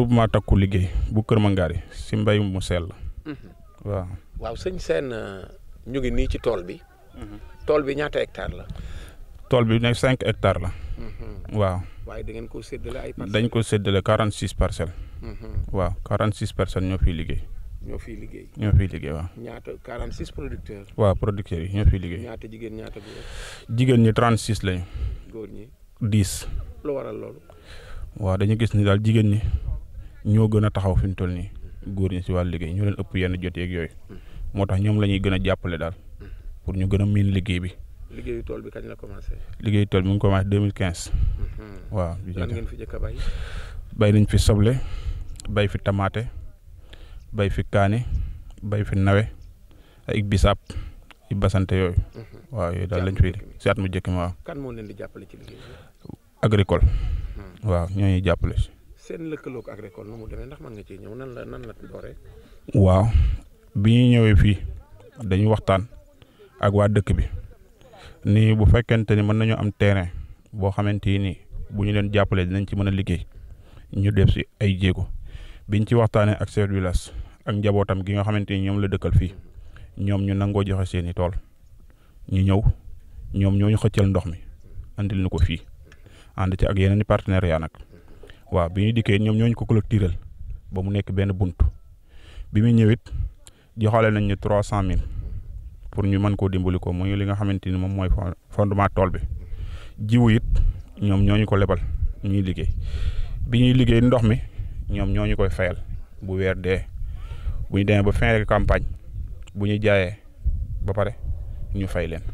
groupement takku liggéey bu Kër Mangari si mbéyum mu sell. Mm-hmm. waaw waaw sëñ seen ñu ngi nii ci tool bi. Mm-hmm. tool bi ñaata hectare la. tool bi nekk cinq hectares la. Mm-hmm. waaw. waaye da ngeen séddale ay parcelles. dañ ko séddale quarante six parcelles. waaw quarante six personnes ñoo fiy liggéey. ñoo fiy liggéey. ñoo fiy liggéey waaw. ñaata quarante six producteurs. waaw producteurs yi ñoo fiy liggéey. ñaata jigéen ñaata góor. jigéen ñi trente six lañu. góor waaw dañu gis ni daal jigéen ñi ñoo gën a taxaw fi mu toll nii góor ñi si wàllu liggéey ñoo leen ëpp yenn jot yeeg yooyu moo tax ñoom la ñuy gën a jàppale daal pour ñu gën a miin liggéey bi. liggéey tool bi kañ la commencé. liggéeyu tool bi mu ngi commencé 2015. Mhm. waaw lan ngeen fi njëkk a bay. bay nañ fi soble bay fi tamaate bay fi kaani bay fi nawe ay bisaab ay basante yooyu. Mhm. waaw yooyu daal lañ fi si mu njëkk ma waaw. kan moo leen di jàppale ci agricole. Mhm. waaw ñoo ñuy jàppale si. seen lëkkaloog agricole nu mu demee ndax mën nga ci ñëw nan la nan la dooree. waaw bi ñu ñëwee fii dañuy waxtaan ak waa dëkk bi nii bu fekkente ni mën nañu am terrain boo xamante ni bu ñu leen jàppalee dinañ ci mën a liggéey ñu def si ay jéego biñ ci waxtaanee ak chef du ak njabootam gi nga xamante ni ñoom la dëkkal fii ñoom ñu nangoo joxe seeni tool ñu ñëw ñoom ñoo ñu xëccal ndox mi andil ñu ko fii ànd ci ak yeneen i partenariat nag. waaw bi ñu dikkee ñoom ñoo ñu ko clôtural ba mu nekk benn bunt bi muy ñëwit joxale nañ ñu trois cent mille pour ñu mën koo dimbali ko muy li nga xamante ni moom mooy fondement tool bi jiwu it ñoom ñooñu ko lebal ñuy liggéey bi ñuy liggéey ndox mi ñoom ñooñu koy fayal bu weer dee bu ñu demee ba fin campagne bu ñu jaayee ba pare ñu fay leen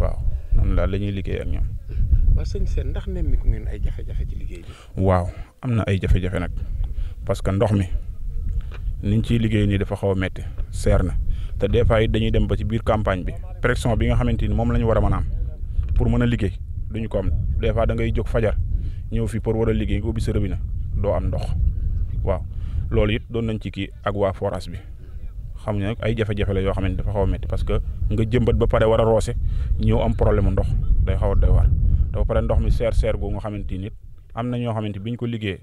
waaw noonu la la ñuy liggéey ak ñoom sëñ Sène ndax nemmiku ngeen ay jafe waaw am na ay jafe-jafe nag parce que ndox mi niñ ciy liggéey nii dafa xaw a métti seer na te des fois it dañuy dem ba ci biir campagne bi pression bi nga xamante ni moom lañu war a mën am pour mën a liggéey ñu ko am des fois da ngay jóg fajar ñëw fi pour war a liggéey nga ubbi sa robinet doo am ndox waaw loolu it doon nañ ci kii ak waa forage bi. xam nga nag ay jafe-jafe la yoo xamante dafa xaw a métti parce que nga jëmbat ba pare war a roose ñëw am problème ndox day xaw a doy waar te ba pare ndox mi seer seer googu nga xamante nit am na ñoo xamante biñ ko liggéey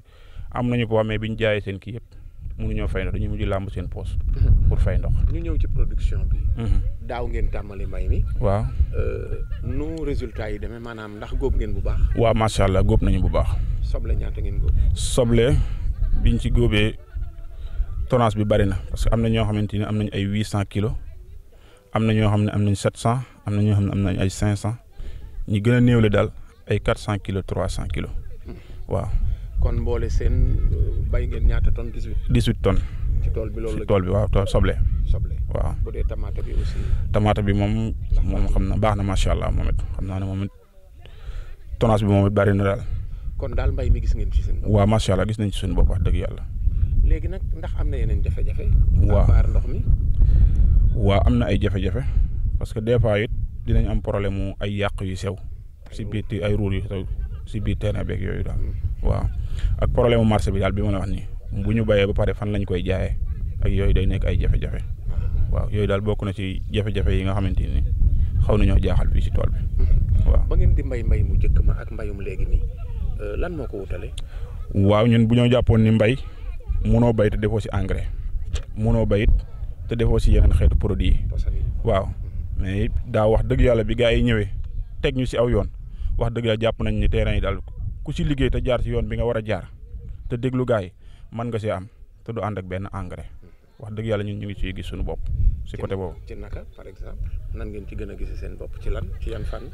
am nañu poids mais biñ jaayee seen kii yëpp mënuñoo fay ndox dañuy mujj làmb seen poos pour fay ndox. ñu ñëw ci production bi. Mhm. daaw ngeen tàmbali mbay mi. waaw. Euh, nu résultat yi demee maanaam ndax góob ngeen bu baax. waaw macha allah góob nañu bu baax. soble ñaata ngeen góob. soble biñ ci góobee tonnage bi bari na parce que am na ñoo xamante ni am nañ ay huit cent kilos am na ñoo xam ne am nañ sept cent am na ñoo xam ne am nañ ay cinq cent ñi gën a néewle daal ay quatre cent kilos trois cent kilos hmm. waaw. kon mboole seen euh, bay ngeen ñaata tonnes dix huit. dix tonnes. ci tool bi loolu la tool bi waaw tool soble. soble waaw bu bi aussi. tamaate bi moom. moom xam na baax na macha allah moom it xam naa ne moom it bi moom it bari na daal. kon daal mbay mi gis ngeen ci seen bopp. waaw gis nañ ci suñu bopp wax dëgg yàlla. léegi nag ndax am na yeneen jafe-jafe. waaw ndox mi. waaw am na ay jafe-jafe parce que des fois it dinañ am problème ay yàq yu sew. si biir ay ruur yi si biir terrain beeg yooyu daal waaw ak problème mu marché bi daal bi ma a wax nii bu ñu bayee ba pare fan lañ koy jaaye ak yooyu day nekk ay jafe-jafe waaw yooyu daal bokk na ci jafe-jafe yi nga xamante ni xaw nañoo jaaxal fii si tool bi mhm. waaw. ba ngeen di mbay mbay mu njëkk ma ak mbayum léegi nii euh, lan moo ko wutale waaw ñun bu ñoo jàppoon ni mbay munoo bay te defoo si engrais munoo bayit te defoo si yeneen xeetu produit yi waaw mhm. mais daa wax dëgg yàlla bi gaa yi ñëwee teg ñu si aw yoon. wax dëgg yàlla jàpp nañ ni terrain yi daal ku ci liggéey te jaar si yoon bi nga war a jaar te déglu gars yi nga see am te du ànd benn engrais wax dëgg yàlla ñun ñu ngi ciy gis suñu bopp. si côté boobu ci naka par exemple nan ci gën a gis seen bopp ci lan ci yan fànn.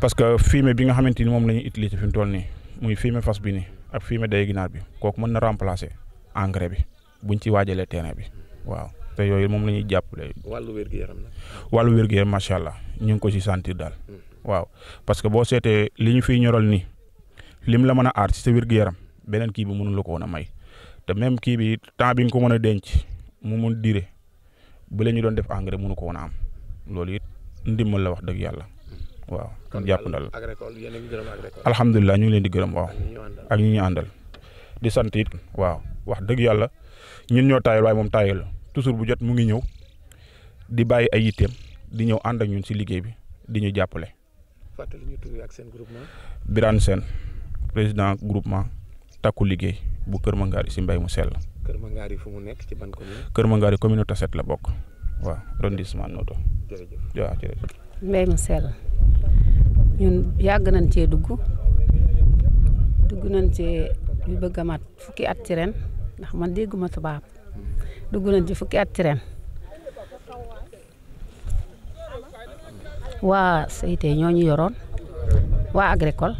parce que fumier bi nga xamante ni moom la ñuy utiliser fi mu toll nii muy fumier fas bi nii ak fumier day ginaar bi kooku mën na remplacer engrais bi buñ ci waajalee terrain bi waaw te yooyu moom la ñuy jàppale. wàllu wér-gu-yaram nag. wàllu wér-gu-yaram macha allah ñu ngi ko si sentir daal. Hmm. waaw parce que boo seetee li ñu fi ñorool nii lim la mën a aar ci sa wér-gu-yaram beneen kii bi mënul la ko woon a may te même kii bi temps bi nga ko mën a denc mu mun dire bu la ñu doon def engrais mënu ko woon a am loolu it ndimbal la wax dëgg yàlla waaw. kon jàpp ndal alhamdulilah ñu ngi leen di gërëm waaw. ak ñi ñu àndal di sant it waaw wax dëgg yàlla ñun ñoo taayal waaye moom taayal la toujours bu jot mu ngi ñëw di bàyyi ay yitteem di ñëw ànd ak ñun si liggéey bi di ñu jàppale. fàttali ñu tur ak seen groupement. Birane Sène président groupement takku liggéey bu Kër Mangari si mbay mu sell. Kër Mangari fu mu nekk ci ban Kër Mangari commune Tasset la bokk waaw arrondissement Noto. jërëjëf waaw jërëjëf. mbay mu sell ñun yàgg nañ cee dugg dugg nañ cee mu bëgg mat fukki at ci ren ndax man dégguma tubaab hmm. dugg nañ ci fukki at ci ren. waa CIT ñoo ñu yoroon waa agricole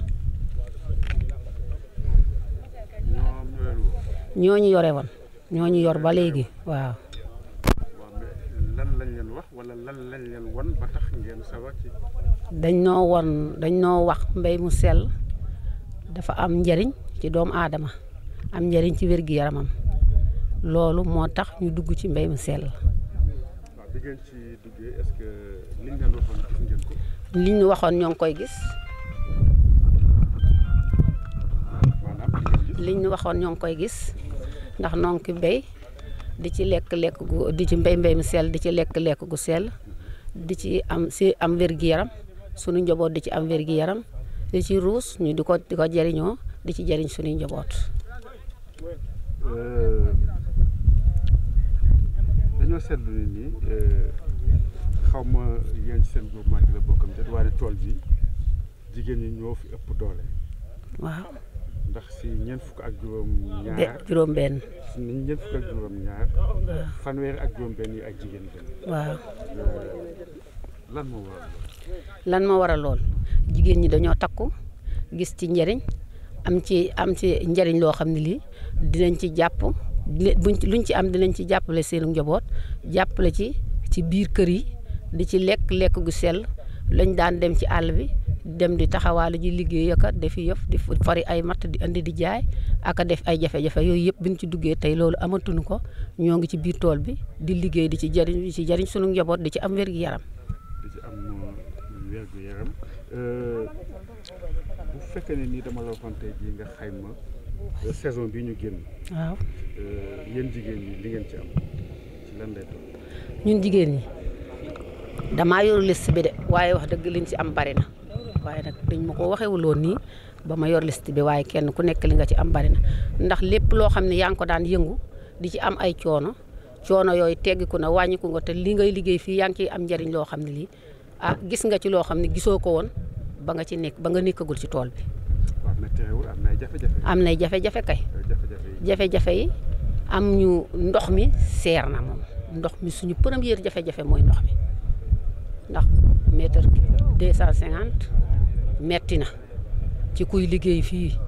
ñoo ñu yore woon ñoo ñu yor ba léegi waaw. dañ noo won dañ noo wax mbay mu sell dafa am njariñ ci doomu aadama am njëriñ ci wér-gi-yaramam loolu moo tax ñu dugg ci mbay mu sell. bi ngeen waxoon gis ñoo koy gis. liñ waxoon ñoo ngi koy gis ndax noo ngi di ci lekk lekk gu di ci mbéy mbéy mu sell di ci lekk lekk gu sell di ci am si am wér yaram sunu njaboot di ci am wér yaram di ci ruus ñu di ko di ko jariñoo di ci jariñ suñuy njaboot. Euh, dañoo seetlu ne nii xaw ma yéen ci seen groupement ci la tool bi jigéen ñi ñoo fi ëpp doole. waaw. ndax ak juróom ñaar juróom benn si ñeent ak juróom yi ak jigéen benn waaw euh, lool jigéen ñi dañoo takku gis ci njëriñ am ci am ci njëriñ loo xam ne lii dinañ ci jàpp buñ luñ ci am dinañ ci jàppale seenu njaboot jàppale ci ci biir kër yi di ci lekk lekk gu sel lañ daan dem ci àll bi dem di taxawaalu ji liggéey ak defi yëf di fari ay matt di andi di jaay aka def ay jafe-jafe yooyu yëpp bi ñu ci duggee tey loolu amatuñu ko ñoo ngi ci biir tool bi di liggéey di ci jariñ ci jariñ sunu njaboot di ci am wér yaram. Euh, saison bi ñu génn. waaw euh, jigéen ñi ñun jigéen ñi damaa yor liste bi de waaye wax dëgg liñ ci am bari na waaye nag dañ ma ko waxewul nii ba ma yor liste bi waaye kenn ku nekk li nga ci am bari na ndax lépp loo xam ne yaa ngi ko daan yëngu di ci am ay coono coono yooyu teggiku na wàññiku nga te li ngay liggéey fii yaa ngi ciy am njariñ loo xam ne lii ah gis nga ci loo xam ne gisoo ko woon ba nga ci nekk ba nga nekkagul ci tool bi. am nay jafe-jafe kay jafe-jafe yi am ñu ndox mi seer na moom ndox mi suñu première jafe-jafe mooy ndox mi ndax mètre deux cent cinquante metti na ci kuy liggéey fii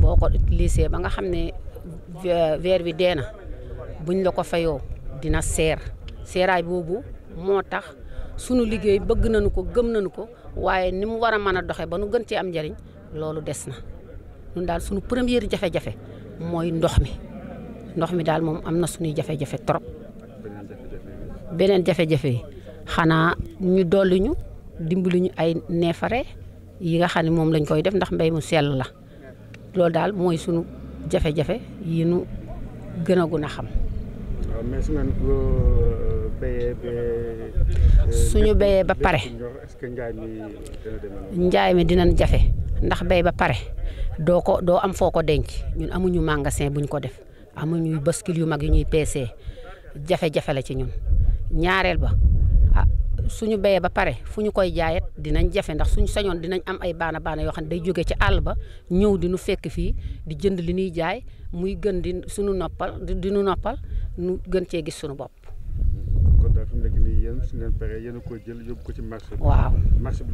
boo ko lisee ba nga xam ne weer wi dee na buñ la ko fayoo dina seer seeraay boobu moo tax sunu liggéey bëgg nañu ko gëm nañu ko waaye ni mu war a mën a doxe ba nu gën ci am njariñ loolu des na ñun daal suñu première jafe-jafe mooy ndox mi ndox mi daal moom am na suñuy jafe-jafe trop beneen jafe-jafe yi xanaa ñu dolli ñu ñu ay neefare yi nga xam ne moom lañ koy def ndax mbéy mu sell la loolu daal mooy sunu jafe-jafe yi nu gën a gun xam. Euh, euh, suñu béyee ba pare njaay mi dinañ jafe ndax bay ba pare doo ko doo am foo ko denc ñun amuñu magasin buñ ko def amuñu bascule yu mag yu ñuy peesee jafe-jafe la ci ñun ñaareel ba ah suñu béyee ba pare fu ñu koy jaayet dinañ jafe ndax suñu sañoon dinañ am ay baana baana yoo xam ne day jóge ci àll ba ñëw di nu fekk fii di jënd li ñuy jaay muy gën di suñu noppal di noppal nu gën cee gis suñu bopp même su ngeen paree yéen a koy jël yóbbu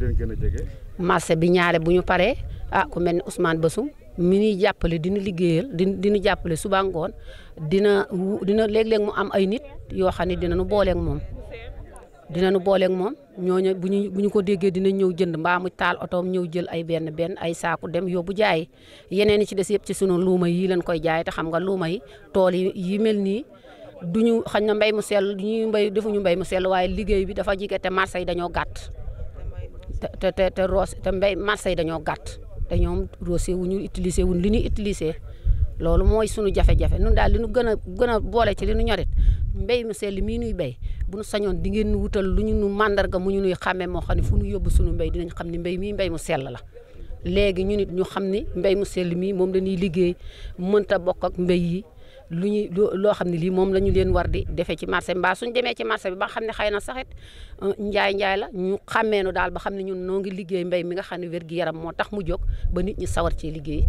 bi. ñaare bu ñu paree a ah, ku mel ni Ousmane Bassoum mi ñuy jàppale dina liggéeyal di dina jàppale suba ngoon dina dina léeg mu am ay nit yoo xam ne dina nu booleeg moom. dina nu booleek moom ñooñu bu ñu bu ko déggee dina ñëw jënd mbaamu mu taal otoom ñëw jël ay benn benn ay saaku dem yóbbu jaay yeneen yi ci des yëpp ci sunu luuma yi lañ koy jaay te xam nga luuma yi tool yi nii. du duñu xañ na mbéy mu sell ñuy mbéy defuñu mbéy mu sell waaye liggéey bi dafa jige te marché yi dañoo gàtt te te te roos te mbéy marché yi dañoo gàtt te ñoom roosé wuñu utiliser wuñ li ñuy utiliser loolu mooy sunu jafe-jafe nun daal li nu gën a gën a boole ci li nu ñorit mbéy mu sell mii nuy béy bu nu sañoon di ngeen nu wutal lu ñu nu màndarga mu ñu nuy xàmmee moo xam ne fu nu yóbbu sunu mbéy dinañ xam ne mbéy mii mbéy mu sell la léegi ñu nit ñu xam ni mbéy mu sell mii moom dañuy liggéey mënta bokk ak mbéy yi lu loo xam ne lii moom la ñu leen war di defee ci marché mbaa suñu demee ci marché bi ba xam ne xay na saxit euh, njaay njaay la ñu xàmmeenu daal ba xam ne ñun noo ngi liggéey mbéy mi nga xam ne wér-gi-yaram moo tax mu jóg ba nit ñi sawar cee liggéey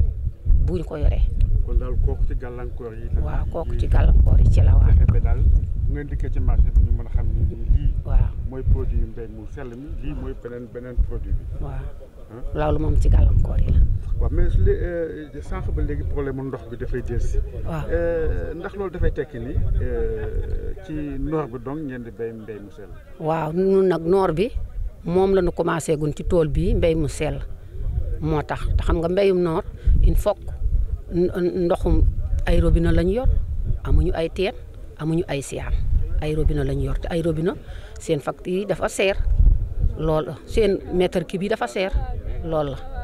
bu ñu ko yoree. kon daal kooku ci gàllankoor yi. waaw kooku ci gàllankoor yi ci la waaw. daal bu ngeen ci marché mën a xam waaw mooy produit mbéy mu sell produit bi. waaw. loolu moom ci gàllankoor yi la. waaw euh, sànq ba léegi problème ndox bi dafay jël waaw euh, ndax loolu dafay tekki ni euh, ci noor bi donc ngeen di béy mu sell. waaw ñun nag noor bi moom lañu ñu commencé gun ci tool bii mbay mu sell moo tax te xam nga mbayum noor il faut ndoxum ay robinet lañ yor amuñu ay teen amuñu ay siyaan ay robinet lañ yor te ay robinet seen facture yi dafa seer. lool seen mètre kii bi dafa seer lool la.